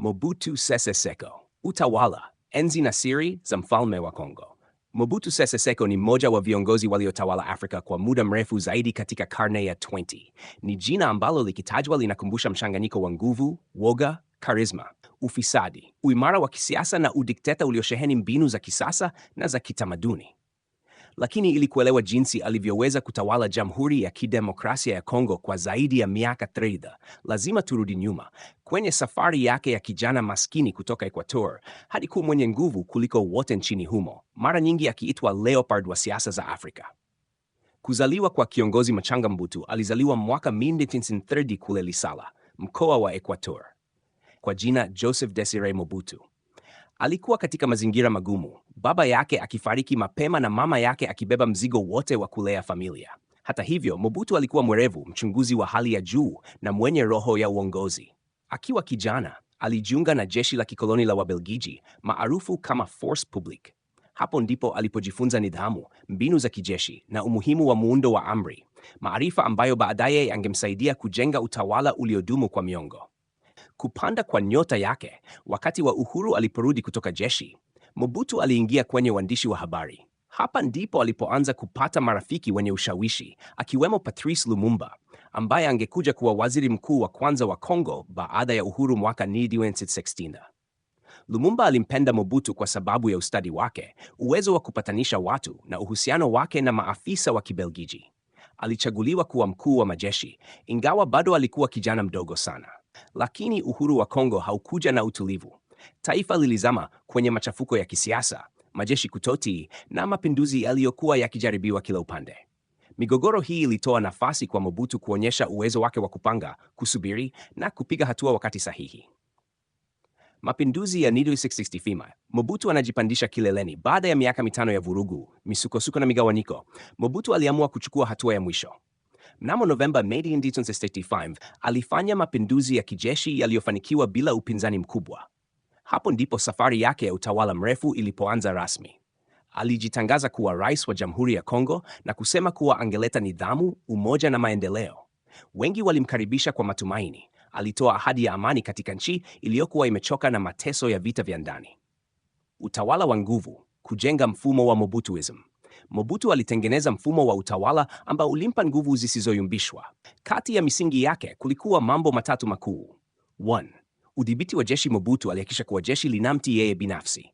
Mobutu Sese Seko, utawala enzi na siri za mfalme wa Kongo. Mobutu Sese Seko ni mmoja wa viongozi waliotawala Afrika kwa muda mrefu zaidi katika karne ya 20. Ni jina ambalo likitajwa linakumbusha mchanganyiko wa nguvu, woga, karisma, ufisadi, uimara wa kisiasa na udikteta uliosheheni mbinu za kisasa na za kitamaduni lakini ili kuelewa jinsi alivyoweza kutawala Jamhuri ya Kidemokrasia ya Kongo kwa zaidi ya miaka 30, lazima turudi nyuma kwenye safari yake ya kijana maskini kutoka Equator hadi kuwa mwenye nguvu kuliko wote nchini humo, mara nyingi akiitwa Leopard wa siasa za Afrika. Kuzaliwa kwa kiongozi machanga Mbutu, alizaliwa mwaka 1930 kule Lisala, mkoa wa Equator, kwa jina Joseph Desire Mobutu. Alikuwa katika mazingira magumu, baba yake akifariki mapema na mama yake akibeba mzigo wote wa kulea familia. Hata hivyo, Mobutu alikuwa mwerevu, mchunguzi wa hali ya juu na mwenye roho ya uongozi. Akiwa kijana, alijiunga na jeshi la kikoloni la Wabelgiji maarufu kama Force Publique. Hapo ndipo alipojifunza nidhamu, mbinu za kijeshi na umuhimu wa muundo wa amri, maarifa ambayo baadaye yangemsaidia kujenga utawala uliodumu kwa miongo kupanda kwa nyota yake wakati wa uhuru aliporudi kutoka jeshi. Mobutu aliingia kwenye uandishi wa habari. Hapa ndipo alipoanza kupata marafiki wenye ushawishi, akiwemo Patrice Lumumba ambaye angekuja kuwa waziri mkuu wa kwanza wa Kongo baada ya uhuru mwaka 1960. Lumumba alimpenda Mobutu kwa sababu ya ustadi wake, uwezo wa kupatanisha watu na uhusiano wake na maafisa wa Kibelgiji. Alichaguliwa kuwa mkuu wa majeshi, ingawa bado alikuwa kijana mdogo sana. Lakini uhuru wa Kongo haukuja na utulivu. Taifa lilizama kwenye machafuko ya kisiasa, majeshi kutoti na mapinduzi yaliyokuwa yakijaribiwa kila upande. Migogoro hii ilitoa nafasi kwa Mobutu kuonyesha uwezo wake wa kupanga, kusubiri na kupiga hatua wakati sahihi. Mapinduzi ya Nido 660 Fima. Mobutu anajipandisha kileleni baada ya miaka mitano ya vurugu, misukosuko na migawanyiko. Mobutu aliamua kuchukua hatua ya mwisho. Mnamo Novemba 1965 alifanya mapinduzi ya kijeshi yaliyofanikiwa bila upinzani mkubwa. Hapo ndipo safari yake ya utawala mrefu ilipoanza rasmi. Alijitangaza kuwa rais wa Jamhuri ya Kongo na kusema kuwa angeleta nidhamu, umoja na maendeleo. Wengi walimkaribisha kwa matumaini. Alitoa ahadi ya amani katika nchi iliyokuwa imechoka na mateso ya vita vya ndani. Utawala wa nguvu, kujenga mfumo wa Mobutuism. Mobutu alitengeneza mfumo wa utawala ambao ulimpa nguvu zisizoyumbishwa. Kati ya misingi yake kulikuwa mambo matatu makuu. One, udhibiti wa jeshi. Mobutu alihakikisha kuwa jeshi linamti yeye binafsi.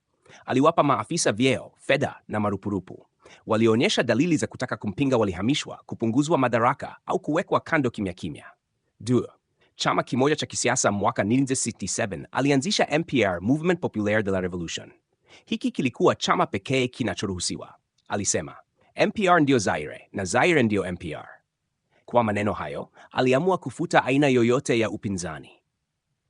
Aliwapa maafisa vyeo, fedha na marupurupu. Walionyesha dalili za kutaka kumpinga walihamishwa, kupunguzwa madaraka au kuwekwa kando kimya kimya. Two, chama kimoja cha kisiasa mwaka 1967 alianzisha MPR, Movement Populaire de la Revolution. Hiki kilikuwa chama pekee kinachoruhusiwa. Alisema NPR ndio Zaire na Zaire ndio NPR. Kwa maneno hayo, aliamua kufuta aina yoyote ya upinzani.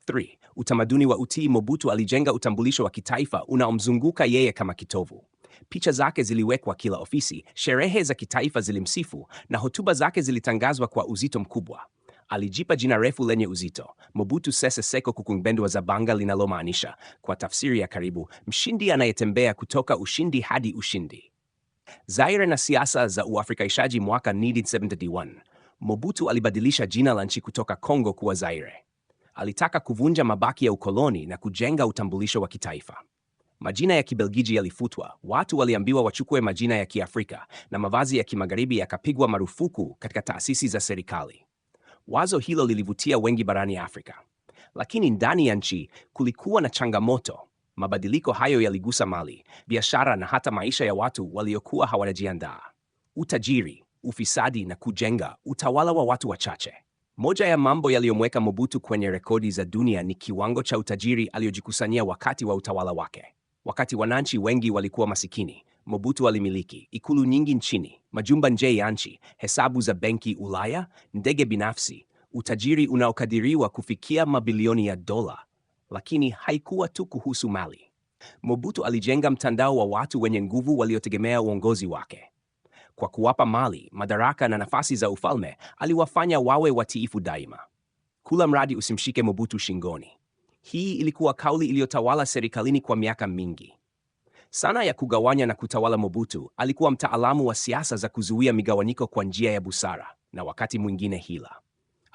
3. Utamaduni wa utii. Mobutu alijenga utambulisho wa kitaifa unaomzunguka yeye kama kitovu. Picha zake ziliwekwa kila ofisi, sherehe za kitaifa zilimsifu na hotuba zake zilitangazwa kwa uzito mkubwa. Alijipa jina refu lenye uzito, Mobutu Sese Seko za banga linalomaanisha kwa tafsiri ya karibu, mshindi anayetembea kutoka ushindi hadi ushindi. Zaire na siasa za uafrikaishaji. Mwaka 1971 Mobutu alibadilisha jina la nchi kutoka Kongo kuwa Zaire. Alitaka kuvunja mabaki ya ukoloni na kujenga utambulisho wa kitaifa. Majina ya Kibelgiji yalifutwa, watu waliambiwa wachukue majina ya Kiafrika na mavazi ya Kimagharibi yakapigwa marufuku katika taasisi za serikali. Wazo hilo lilivutia wengi barani Afrika, lakini ndani ya nchi kulikuwa na changamoto. Mabadiliko hayo yaligusa mali, biashara na hata maisha ya watu waliokuwa hawajiandaa. utajiri, ufisadi na kujenga utawala wa watu wachache. Moja ya mambo yaliyomweka Mobutu kwenye rekodi za dunia ni kiwango cha utajiri aliyojikusanyia wakati wa utawala wake. Wakati wananchi wengi walikuwa masikini, Mobutu alimiliki ikulu nyingi nchini, majumba nje ya nchi, hesabu za benki Ulaya, ndege binafsi, utajiri unaokadiriwa kufikia mabilioni ya dola, lakini haikuwa tu kuhusu mali. Mobutu alijenga mtandao wa watu wenye nguvu waliotegemea uongozi wake. Kwa kuwapa mali, madaraka na nafasi za ufalme, aliwafanya wawe watiifu daima. Kula mradi usimshike Mobutu shingoni. Hii ilikuwa kauli iliyotawala serikalini kwa miaka mingi. Sana ya kugawanya na kutawala. Mobutu alikuwa mtaalamu wa siasa za kuzuia migawanyiko kwa njia ya busara na wakati mwingine hila.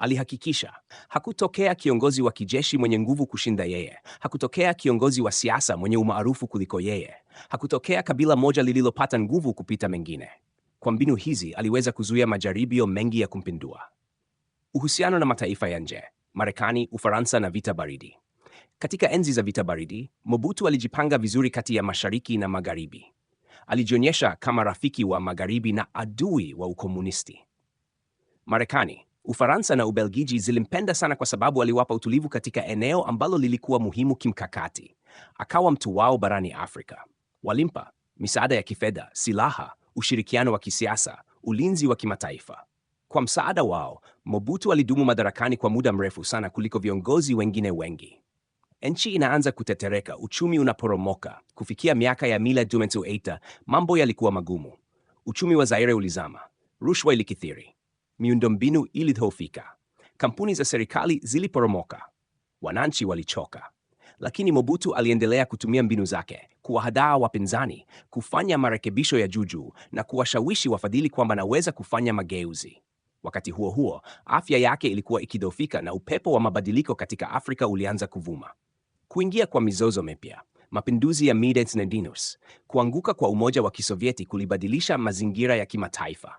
Alihakikisha hakutokea kiongozi wa kijeshi mwenye nguvu kushinda yeye, hakutokea kiongozi wa siasa mwenye umaarufu kuliko yeye, hakutokea kabila moja lililopata nguvu kupita mengine. Kwa mbinu hizi aliweza kuzuia majaribio mengi ya kumpindua. Uhusiano na mataifa ya nje: Marekani, Ufaransa na vita baridi. Katika enzi za vita baridi, Mobutu alijipanga vizuri kati ya mashariki na magharibi. Alijionyesha kama rafiki wa magharibi na adui wa ukomunisti. Marekani Ufaransa na Ubelgiji zilimpenda sana kwa sababu aliwapa utulivu katika eneo ambalo lilikuwa muhimu kimkakati. Akawa mtu wao barani Afrika. Walimpa misaada ya kifedha, silaha, ushirikiano wa kisiasa, ulinzi wa kimataifa. Kwa msaada wao, Mobutu alidumu madarakani kwa muda mrefu sana kuliko viongozi wengine wengi. Nchi inaanza kutetereka, uchumi unaporomoka. Kufikia miaka ya mila dumetu eita, mambo yalikuwa magumu. Uchumi wa Zaire ulizama, rushwa ilikithiri, miundombinu ilidhoofika, kampuni za serikali ziliporomoka, wananchi walichoka. Lakini Mobutu aliendelea kutumia mbinu zake, kuwahadaa wapinzani, kufanya marekebisho ya juujuu na kuwashawishi wafadhili kwamba anaweza kufanya mageuzi. Wakati huo huo, afya yake ilikuwa ikidhoofika na upepo wa mabadiliko katika Afrika ulianza kuvuma. Kuingia kwa mizozo mipya, mapinduzi ya Midens na Dinus, kuanguka kwa Umoja wa Kisovieti kulibadilisha mazingira ya kimataifa.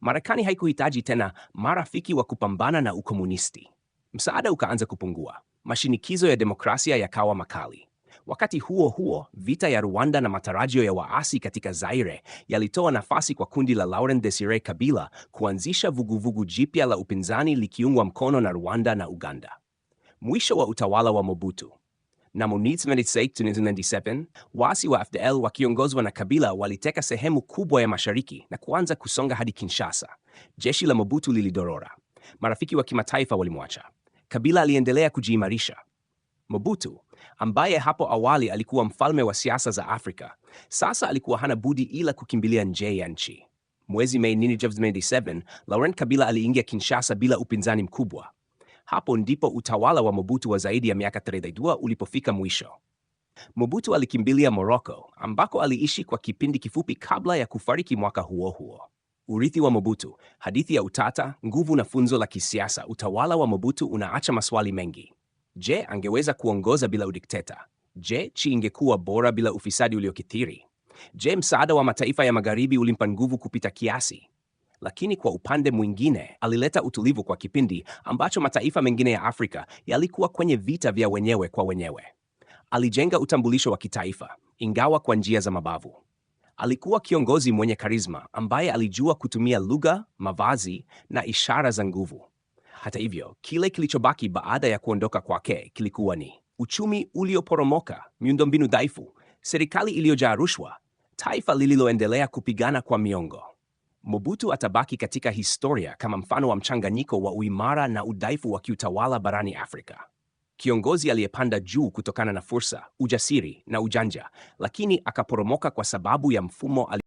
Marekani haikuhitaji tena marafiki wa kupambana na ukomunisti. Msaada ukaanza kupungua, mashinikizo ya demokrasia yakawa makali. Wakati huo huo, vita ya Rwanda na matarajio ya waasi katika Zaire yalitoa nafasi kwa kundi la Laurent Desire Kabila kuanzisha vuguvugu jipya la upinzani likiungwa mkono na Rwanda na Uganda. Mwisho wa utawala wa Mobutu na mo waasi wa FDL wakiongozwa na Kabila waliteka sehemu kubwa ya mashariki na kuanza kusonga hadi Kinshasa. Jeshi la Mobutu lilidorora, marafiki wa kimataifa walimwacha. Kabila aliendelea kujiimarisha. Mobutu ambaye hapo awali alikuwa mfalme wa siasa za Afrika, sasa alikuwa hana budi ila kukimbilia nje ya nchi. Mwezi Mei 1997 Laurent Kabila aliingia Kinshasa bila upinzani mkubwa. Hapo ndipo utawala wa Mobutu wa zaidi ya miaka 32 ulipofika mwisho. Mobutu alikimbilia Moroko ambako aliishi kwa kipindi kifupi kabla ya kufariki mwaka huo huo. Urithi wa Mobutu, hadithi ya utata, nguvu na funzo la kisiasa. Utawala wa Mobutu unaacha maswali mengi. Je, angeweza kuongoza bila udikteta? Je, chi ingekuwa bora bila ufisadi uliokithiri? Je, msaada wa mataifa ya magharibi ulimpa nguvu kupita kiasi? lakini kwa upande mwingine alileta utulivu kwa kipindi ambacho mataifa mengine ya Afrika yalikuwa kwenye vita vya wenyewe kwa wenyewe. Alijenga utambulisho wa kitaifa, ingawa kwa njia za mabavu. Alikuwa kiongozi mwenye karisma ambaye alijua kutumia lugha, mavazi na ishara za nguvu. Hata hivyo, kile kilichobaki baada ya kuondoka kwake kilikuwa ni uchumi ulioporomoka, miundombinu dhaifu, serikali iliyojaa rushwa, taifa lililoendelea kupigana kwa miongo. Mobutu atabaki katika historia kama mfano wa mchanganyiko wa uimara na udhaifu wa kiutawala barani Afrika. Kiongozi aliyepanda juu kutokana na fursa, ujasiri na ujanja, lakini akaporomoka kwa sababu ya mfumo